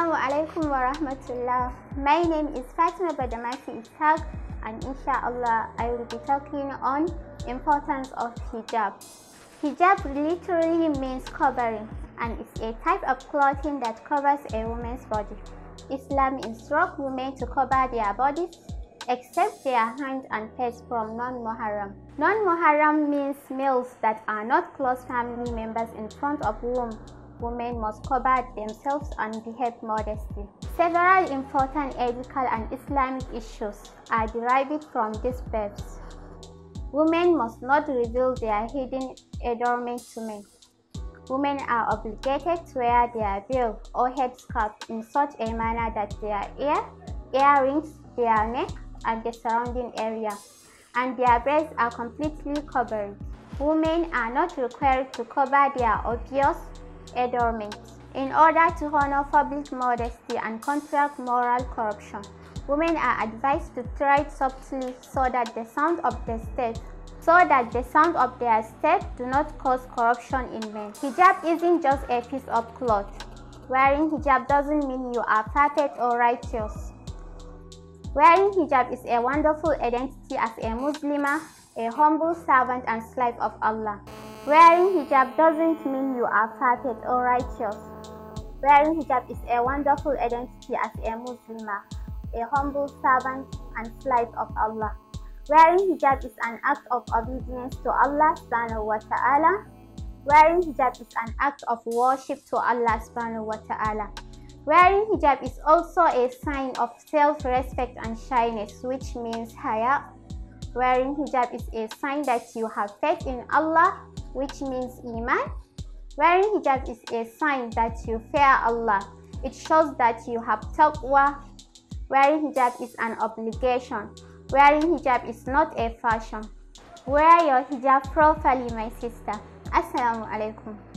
Assalamu alaikum wa rahmatullah. My name is Fatima Badamasi Itag, and inshallah I will be talking on importance of hijab. Hijab literally means covering and it's a type of clothing that covers a woman's body. Islam instructs women to cover their bodies except their hands and face from non-Muharram. Non-Muharram means males that are not close family members in front of whom women must cover themselves and behave modestly. Several important ethical and Islamic issues are derived from these verbs. Women must not reveal their hidden adornment to men. Women are obligated to wear their veil or headscarf in such a manner that their ear, earrings, their neck, and the surrounding area, and their breasts are completely covered. Women are not required to cover their obvious in order to honor public modesty and contract moral corruption. Women are advised to tread softly so that the sound of the state so that the sound of their step do not cause corruption in men. Hijab isn't just a piece of cloth. Wearing hijab doesn't mean you are perfect or righteous. Wearing hijab is a wonderful identity as a Muslimah, a humble servant and slave of Allah. Wearing hijab doesn't mean you are perfect or righteous. Wearing hijab is a wonderful identity as a Muslimah, a humble servant and slave of Allah. Wearing hijab is an act of obedience to Allah subhanahu wa ta'ala. Wearing hijab is an act of worship to Allah subhanahu wa ta'ala. Wearing hijab is also a sign of self-respect and shyness, which means haya. Wearing hijab is a sign that you have faith in Allah which means Iman, wearing hijab is a sign that you fear Allah. It shows that you have taqwa. Wearing hijab is an obligation. Wearing hijab is not a fashion. Wear your hijab properly, my sister. Assalamu alaikum.